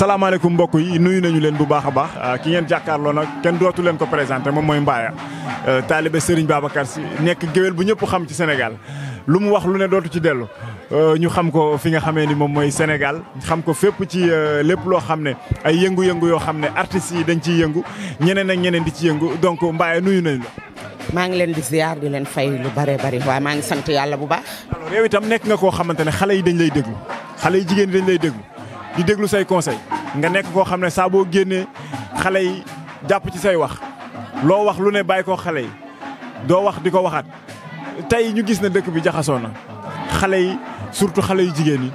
salaamaaleykum mbokk yi nuyu nañu leen bu baax a baax ah, ki ngeen jàkkaarloo nag kenn dootu leen ko présenté moom mooy Mbaaya ah, taalibe Serigne Babacar Sy nekk géwél bu ñëpp xam ci senegal lu mu wax lu ne dootu ci dellu ah, ñu xam ko fi nga xamee ni moom mooy Sénégal xam ko fépp ci lépp loo xam ne ay yëngu-yëngu yoo xam ne artistes yi dañ ciy yëngu ñeneen ak ñeneen di ci yëngu donc Mbaaya nuyu nañu la. maa ngi leen di ziar di leen fay lu bare bari waaye maa ngi sant yàlla bu baax. alors itam nekk nga koo xamante ne xale yi dañ lay déglu xale yi jigéen dañ lay déglu di déglu say conseil nga nekk koo xam ne saa boo génnee xale yi jàpp ci say wax loo wax lu ne bàyyi ko xale yi doo wax di ko waxaat tey ñu gis ne dëkk bi jaxasoo na xale yi surtout xale yu jigéen yi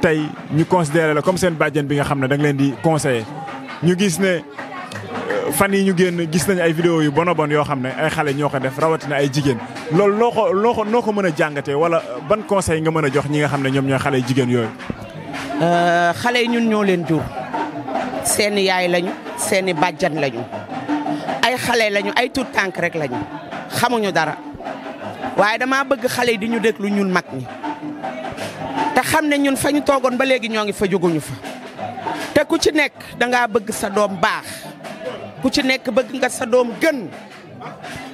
tey ñu considéré la comme seen bàjjen bi nga xam ne da leen di conseiller ñu gis ne euh, fan yi ñu génn gis nañ ay vidéo yu bono bon yoo xam ne ay xale ñoo ko def rawatina ay jigéen loolu loo ko loo ko noo ko mën a jàngatee wala euh, ban conseil nga mën a jox ñi nga xam ne ñoom ñooy xale yu jigéen yooyu. Euh, xale yi ñun ñoo leen jur seeni yaay lañu seeni bàjjan lañu ay xale lañu ay tuut tànk rek lañu xamuñu dara waaye dama bëgg xale yi di ñu déglu ñun mag ñi te xam ne ñun fa ñu toogoon ba léegi ñoo ngi fa jóguñu fa te ku ci nekk dangaa bëgg sa doom baax ku ci nekk bëgg nga sa doom gën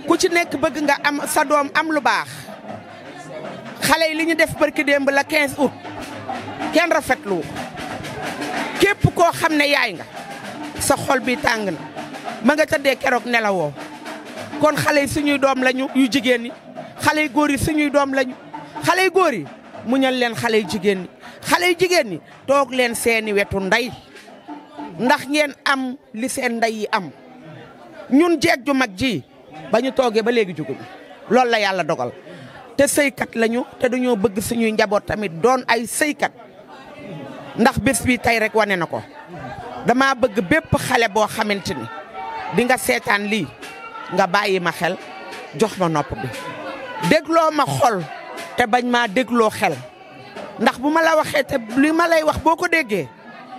ku ci nekk bëgg nga am sa doom am lu baax xale yi li ñu def barki ba la quinze août kenn rafetlu képp koo xam ne yaay nga sa xol bi tàng na ma nga tëddee keroog nelawoo kon xale yi suñuy doom lañu yu jigéen ñi xale yu góor yi suñuy doom lañu xale yu góor yi muñal leen xale yu jigéen xale yu jigéen ñi toog leen seeni wetu ndey ndax ngeen am li seen nday yi am ñun jeeg ju mag ji bañu toogee ba léegi juguñu loolu la yàlla dogal te sëykat lañu te dañoo bëgg suñuy njaboot tamit doon ay sëykat ndax bés bi tey rek wane na ko dama bëgg bépp xale boo xamante ni di nga seetaan lii nga bàyyi ma xel jox ma nopp bi dégloo ma xol te bañ maa dégloo xel ndax bu ma la waxee te li ma lay wax boo ko déggee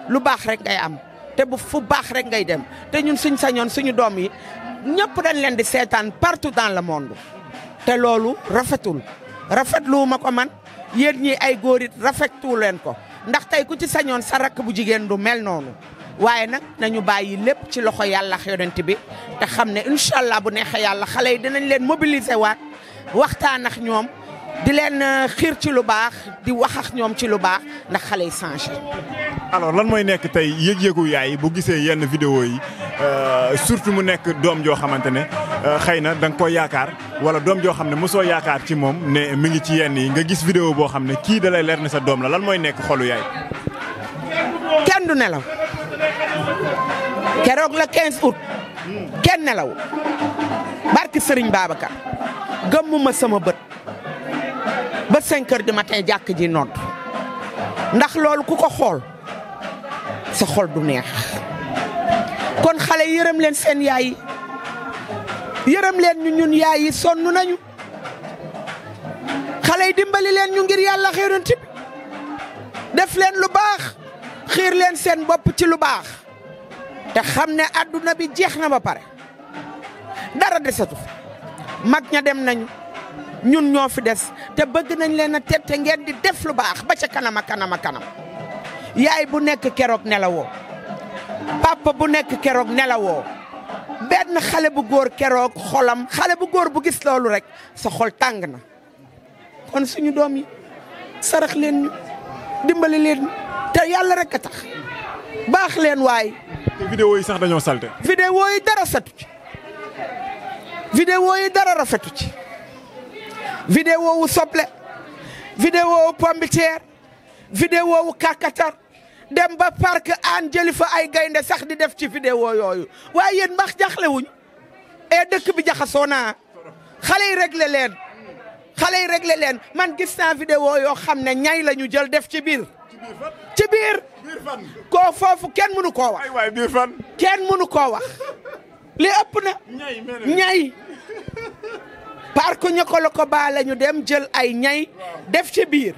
lu baax rek ngay am te bu fu baax rek ngay dem te ñun suñ sañoon suñu doom yi ñëpp dañ leen di seetaan partout dans le monde te loolu rafetul rafetlu ma ko man yéen ñi ay góor it rafetu leen ko ndax tey ku ci sañoon sa rakk bu jigéen du mel noonu waaye nag nañu bàyyi lépp ci loxo yàlla ak yonent bi te xam ne incha allah bu neexee yàlla xale yi dinañ leen mobiliser waat waxtaan ak ñoom di leen euh, xiir ci lu baax di wax ñoom ci lu baax ndax xale yi changé. alors lan mooy nekk tey yëg-yëgu yaay bu gisee yenn vidéo yi euh, surtout mu nekk doom joo xamante ne. Euh, xëy na da yaakaar wala doom joo xam ne mosoo yaakaar ci moom ne mi ngi ci yenn yi nga gis vidéo boo xam ne kii dalay lay leer sa doom la lan mooy nekk xolu yaay. kenn du nelaw keroog la 15 août kenn nelaw barki Serigne Babacar gëmmuma sama bët ba 5 heures du jàkk ji nodd ndax loolu ku ko xool sa xol du neex kon xale yërëm seen yaay. yërëm leen ñu ñun yaay yi sonn nañu xale yi dimbali leen ñu ngir yàlla xéerante bi def leen lu baax xiir leen seen bopp ci lu baax te xam ne àdduna bi jeex na ba pare dara desatu mag ña dem nañu ñun ñoo fi des te bëgg nañ leen a tette ngeen di def lu baax ba ca kanam a kanam kanam yaay bu nekk keroog nelawoo papa bu nekk keroog nelawoo benn xale bu góor keroog xolam xale bu góor bu gis loolu rekk sa xol tàng na kon suñu doom yi sarax leen dimbali leen te yàlla rek a tax baax leen waay. te vidéo yi sax dañoo salte. vidéo yi dara satu ci. vidéo yi dara rafetu ci. soble. vidéo wu pombiteer. vidéo wu kàkkatar. dem ba parc an jëli fa ay gaynde sax di def ci vidéo yooyu waaye yéen mbax jaxlewuñ e eh, dëkk bi jaxasoo naa xale yi regle leen xale yi regle leen man gis naa vidéo yoo xam ne ñay la jël def ci biir ci biir koo foofu kenn mënu koo wax kenn mënu koo wax li ëpp na ñay parc ña la baa la ñu dem jël ay ñay def ci biir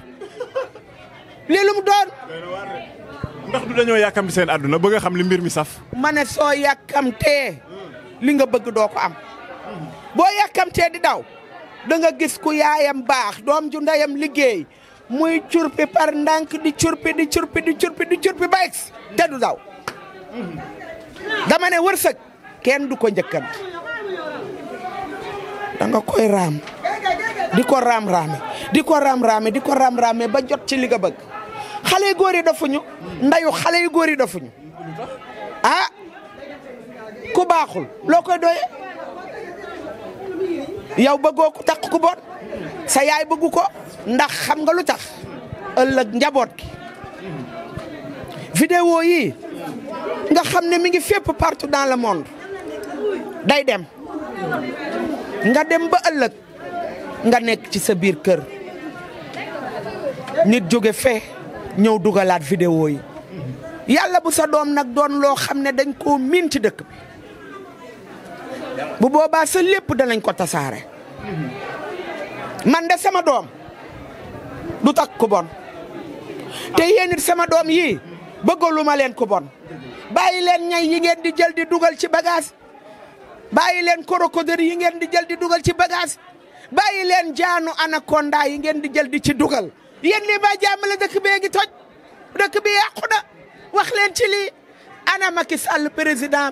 li lu doon ndax du dañoo yàkkamti seen àdduna bëgg a xam li mbir mi saf. ma ne soo yàkkamtee li nga bëgg doo am boo yàkkamtee di daw da nga gis ku yaayam baax doom ju ndeyam liggéey muy curpi par ndànk di curpi di curpi di curpi di te du daw. dama ne wërsëg kenn du ko njëkkanti da nga koy raam di ko raam di ko raam raame di ko raam raame ba jot ci li nga bëgg. xale yu góor yi dofuñu ndayu xale yu góor yi dofuñu a ah, ku baaxul loo koy doye yow bëggoo ko takk ku boot sa yaay bëggu ko ndax xam nga lu tax ëllëg njaboot gi vidéo yi nga xam ne mi ngi fépp partout dans le monde day dem nga dem ba ëllëg nga nekk ci sa biir kër nit jóge fee ñëw dugalaat vidéo yàlla bu sa doom nag doon loo xam ne dañ koo miin ci dëkk bu boobaa sa lépp danañ ko tasaare man de sama doom du takk ku bon te yéen sama doom yii bëggaluma leen ku bon bàyyi leen ñay yi ngeen di jël di dugal ci bagage bàyyi leen crocodile yi ngeen di jël di dugal ci bagage bàyyi leen jaanu anaconda yi ngeen di jël di ci dugal yéen lii ba jàmm la dëkk bee ngi toj dëkk bi yàqu na wax leen ci lii ana Macky Sall président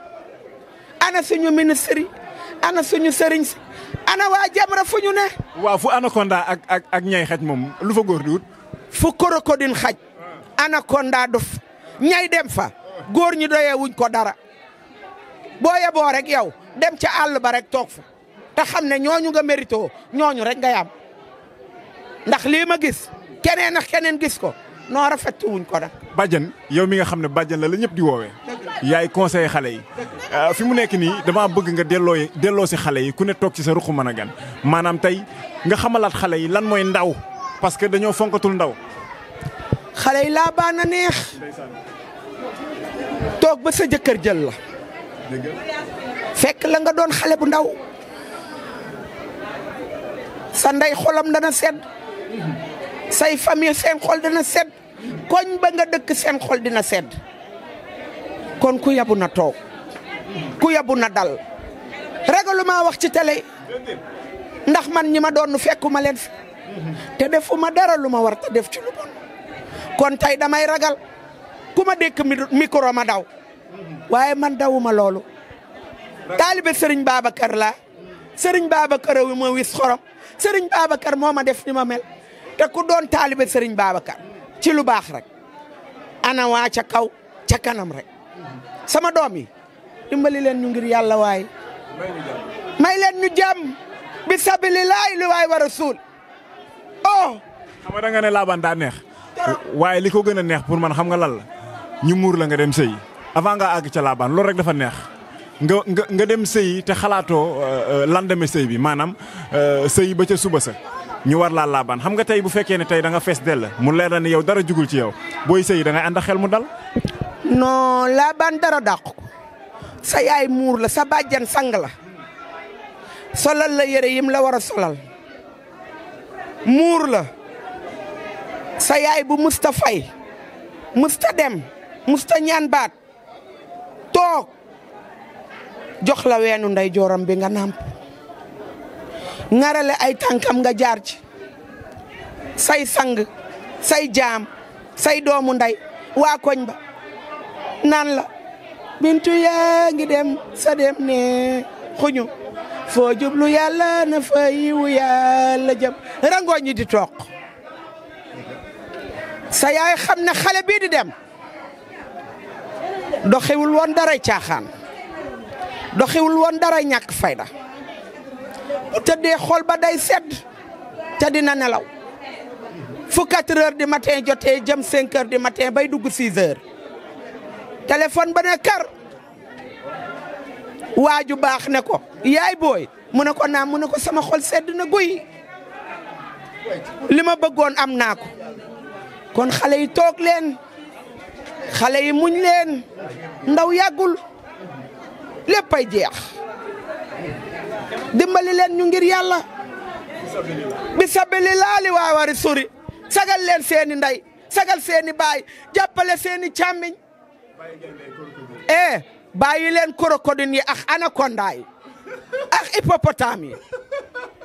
ana suñu ministre yi ana suñu sëriñ si ana waa Jamra fu ñu ne. waaw fu anaconda ak ak ak ñay xaj moom lu fa góor di fu crocodile xaj. anaconda duf ñay dem fa góor ñi doyee wuñ ko dara boo yeboo rek yow dem ca àll ba rek toog fa te ne ñooñu nga mérito ñooñu rek nga yam ndax lii ma gis. keneen ak keneen gis ko noo rafetlu wuñ ko nag. bàjjen yow mi nga xam ne bàjjen la la ñëpp di woowee. yaay conseiller xale yi. Euh, fi mu nekk nii damaa bëgg nga delloo delloo si xale yi ku ne toog ci sa ruq mën a gan maanaam tey nga xamalaat xale yi lan mooy ndaw parce que dañoo fonkatul ndaw. xale yi laa baa na neex. toog ba sa jëkkër jël la. fekk la nga doon xale bu ndaw. sa ndey xolam dana sedd. say famille seen xol dina sedd koñ ba nga dëkk seen xol dina sedd kon ku yabu na toog ku yabu na dal ragalumaa wax ci télé ndax man ñi ma doon fekkuma leen fi te defuma dara lu ma war ta def ci lu bon kon tey damay ragal ku ma dékk micro ma daw waaye man dawuma loolu taalibe sëriñ Babacar la sëriñ Babacar wi ma wis xorom sëriñ Babacar moo ma def ni ma mel te ku doon taalibe Serigne Babacar ci lu baax rek ana ca kaw ca kanam rek sama doom yi dimbali leen ñu ngir yàlla waay may leen ñu jàmm bi sabilillahi li waay war a suul oh. xam nga da nga ne laabaan daa neex. waaye li ko gën a neex pour man xam nga lan la ñu muur la nga dem sëyi avant nga àgg ca laabaan lool rek dafa neex. nga nga nga dem sëyi te xalaatoo euh, euh, lendemain sëy bi maanaam euh, sëyi ba ca suba sa. ñu war laa laabaan xam nga tey bu fekkee ne tey danga fees dell mu leer la ne dara jugul ci yow booy sëy da ngay ànd xel mu dal. noo laabaan dara dàq ko sa yaay muur la sa bàjjan sang la solal la yére yim la war a solal muur la sa yaay bu musta fay musta dem musta ñaan baat toog jox la weenu ndey bi nga nàmp ngarale ay tànkam nga jaar ci say sang say jaam say doomu ndey waa koñ ba nan la bintu yaa ngi dem sa dem ne xuñu foo jublu yàlla na fa yiwu yàlla jëm rangoo di toq sa yaay xam ne xale bii di dem doxiwul woon dara caaxaan doxiwul woon dara ñàkk fayda bu tëddee xol ba day sedd te dina nelaw fu 4 di du matin jotee jëm 5 heures du matin bay dugg 6 heures téléphone ba ne kar waaju baax ne ko yaay booy mu ne ko naam mu ne ko sama xol sedd na guy li ma bëggoon am naa ko kon xale yi toog leen xale yi muñ leen ndaw yàggul ay jeex dimbali leen ñu ngir yàlla bi sabili laali waa wari suri sagal leen seeni ndey sagal seeni baay jàppale seeni càmmiñ eh bàyyi leen crocodile yi ak anaconda yi ak hippopotame yi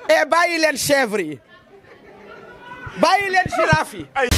eh leen chèvre yi bàyyi leen girafe